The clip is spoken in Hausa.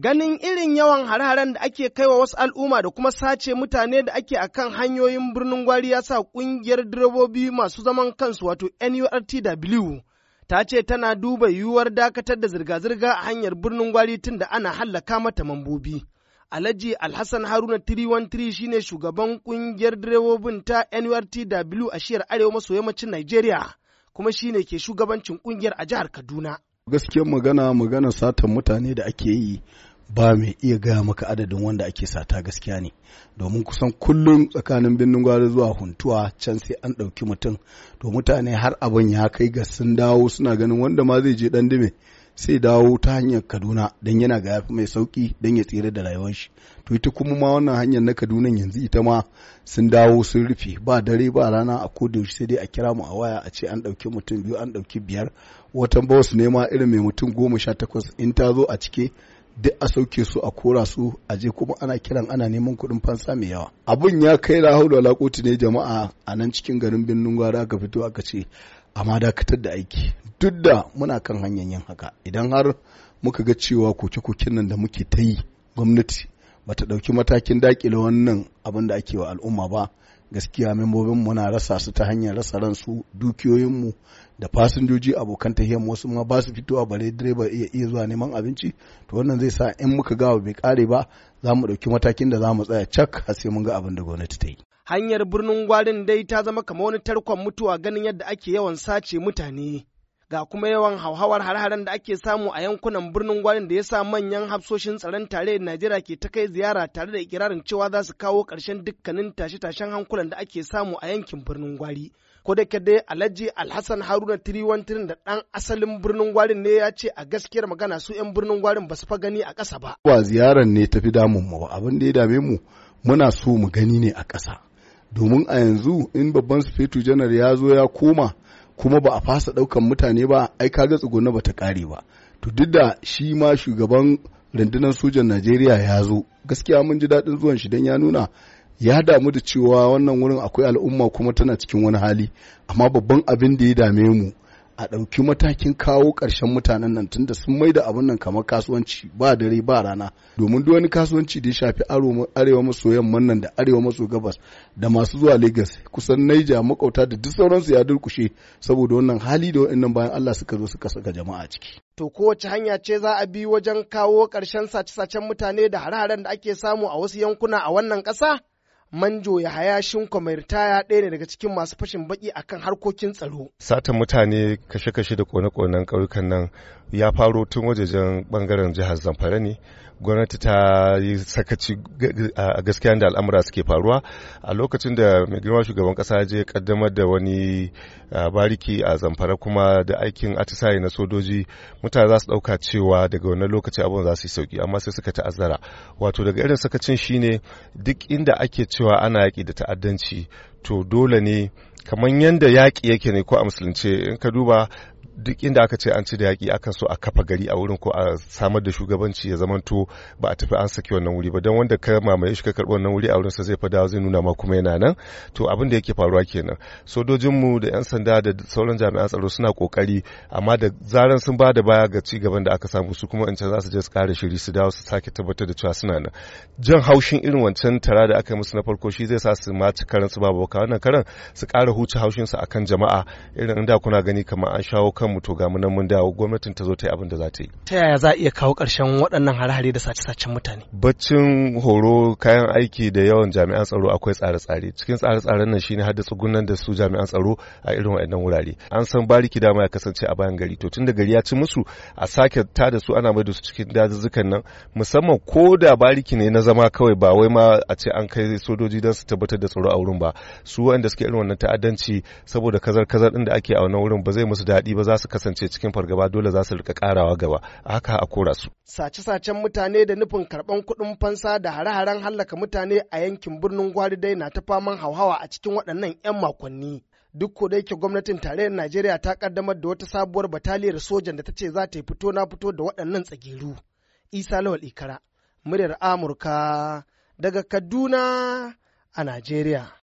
Ganin irin yawan hare-haren da ake kaiwa wasu al'umma da kuma sace mutane da ake akan hanyoyin birnin gwari ya sa ƙungiyar direbobi masu zaman kansu wato NURTW ta ce tana duba yiwuwar dakatar da zirga-zirga a hanyar birnin gwari tun da ana hallaka mata mambobi. Alhaji Alhassan Haruna 313 shine shugaban kungiyar direbobin ta NURTW a shiyar Arewa maso yammacin Najeriya kuma shine ke shugabancin kungiyar a jihar Kaduna. Gaskiyar magana magana satan mutane da ake yi ba mai iya gaya maka adadin wanda ake sata gaskiya ne domin kusan kullum tsakanin birnin gwari zuwa huntuwa can sai an ɗauki mutum to mutane har abin ya kai ga sun dawo suna ganin wanda ma zai je ɗan dume sai dawo ta hanyar kaduna don yana ga yafi mai sauki don ya tsira da rayuwar shi to ita kuma ma wannan hanyar na kaduna yanzu ita ma sun dawo sun rufe ba dare ba rana a koda sai dai a kira mu a waya a ce an ɗauki mutum biyu an ɗauki biyar watan bawas ne ma irin mai mutum goma sha takwas in ta zo a cike duk a sauke su a kora su a je kuma ana kiran ana neman kuɗin fansa mai yawa abun ya kai la haula ne jama'a a nan cikin garin birnin gwara aka fito aka ce amma dakatar da aiki duk da muna kan hanyar yin haka idan har muka ga cewa koke-koken nan da muke ta yi gwamnati bata ɗauki matakin dakile wannan abin da ake wa al'umma ba gaskiya membobin muna rasa su ta hanyar rasa ransu dukiyoyinmu da fasinjoji abokan tahiyar wasu ma ba su fitowa bare direba iya iya zuwa neman abinci to wannan zai sa in muka gawa bai kare ba za mu ɗauki matakin da za mu tsaya cak har sai mun ga abin da gwamnati ta yi. hanyar birnin gwarin dai ta zama kamar wani tarkon mutuwa ganin yadda ake yawan sace mutane ga kuma yawan hauhawar har-haren da ake samu a yankunan birnin gwarin da ya sa manyan hafsoshin tsaron tare da Najeriya ke ta kai ziyara tare da ikirarin cewa za su kawo ƙarshen dukkanin tashe-tashen hankulan da ake samu a yankin birnin gwari. Ko da ke dai Alhaji Alhassan Haruna Tiriwantirin da dan asalin birnin gwarin ne ya ce a gaskiyar magana su 'yan birnin gwarin ba su fa gani a kasa ba. Ba ziyarar ne tafi damun mu ba abin da ya dame mu muna so mu gani ne a kasa Domin a yanzu in babban sufetu janar ya zo ya koma kuma ba a fasa ɗaukan mutane ba ai kaga tsuguna ba ta kare ba to duk da shi ma shugaban rundunar sojan najeriya ya zo gaskiya mun ji daɗin zuwan shi dan ya nuna ya damu da cewa wannan wurin akwai al'umma kuma tana cikin wani hali amma babban abin da ya dame mu a ɗauki matakin kawo ƙarshen mutanen nan tunda sun maida abin nan kamar kasuwanci ba dare ba rana domin duk wani kasuwanci da ya shafi arewa maso yamman nan da arewa maso gabas da masu zuwa Legas kusan Naija makauta da duk sauransu ya durkushe saboda wannan hali da wa'annan bayan Allah suka zo suka saka jama'a ciki. To kowace hanya ce za a bi wajen kawo ƙarshen sace-sacen mutane da hare-haren da ake samu a wasu yankuna a wannan ƙasa? manjo ya haya shinko ya ɗaya ne daga cikin masu fashin baki akan harkokin tsaro. Satan mutane kashe-kashe da kone-konen ƙauyukan nan ya faro tun wajejen bangaren jihar zamfara ne gwamnati ta yi sakaci a gaskiya da al'amura suke faruwa a lokacin da mai girma shugaban kasa je kaddamar da wani bariki a zamfara kuma da aikin atisaye na sojoji mutane za su dauka cewa daga wannan lokaci abin za su yi sauki amma sai suka ta'azzara wato daga irin sakacin shine duk inda ake cewa ana yaƙi da ta'addanci to dole ne kamar yadda yaƙi yake ne ko a musulunce in ka duba duk inda aka ce an ci da yaƙi akan so a kafa gari a wurin ko a samar da shugabanci ya zamanto ba a tafi an saki wannan wuri ba don wanda ka mamaye shi ka karɓi wannan wuri a wurin sa zai fada zai nuna ma kuma yana nan to abin da yake faruwa kenan sojojin mu da yan sanda da sauran jami'an tsaro suna kokari amma da zaran sun bada baya ga ci gaban da aka samu su kuma in can za su je su kare shiri su dawo su sake tabbatar da cewa suna nan jan haushin irin wancan tara da aka yi musu na farko shi zai sa su ma ci karan su babu wannan karan su kara huce haushin su akan jama'a irin inda kuna gani kamar an shawo kan kanmu to ga mu mun dawo gwamnatin ta zo ta yi abin da za ta yi ta yaya za a iya kawo ƙarshen waɗannan hare-hare da sace-sacen mutane baccin horo kayan aiki da yawan jami'an tsaro akwai tsare-tsare cikin tsare-tsaren nan shine hada tsugunan da su jami'an tsaro a irin waɗannan wurare an san bariki dama ya kasance a bayan gari to tun da gari ya ci musu a sake ta da su ana mai da su cikin dazuzzukan nan musamman ko da bariki ne na zama kawai ba wai ma a ce an kai sojoji don su tabbatar da tsaro a wurin ba su waɗanda suke irin wannan ta'addanci saboda kazar-kazar din da ake a wannan wurin ba zai musu daɗi ba za su kasance cikin fargaba dole za su rika karawa gaba haka a kora su sace-sacen mutane da nufin karban kuɗin fansa da hare-haren hallaka mutane a yankin birnin gwari dai na ta faman hauhawa a cikin waɗannan 'yan makonni duk ko dai yake gwamnatin tarayyar Najeriya ta kaddamar da wata sabuwar bataliyar sojan da ta ce za ta yi fito na fito da waɗannan tsagiru. Isa Lawal Ikara, muryar Amurka daga Kaduna a Najeriya.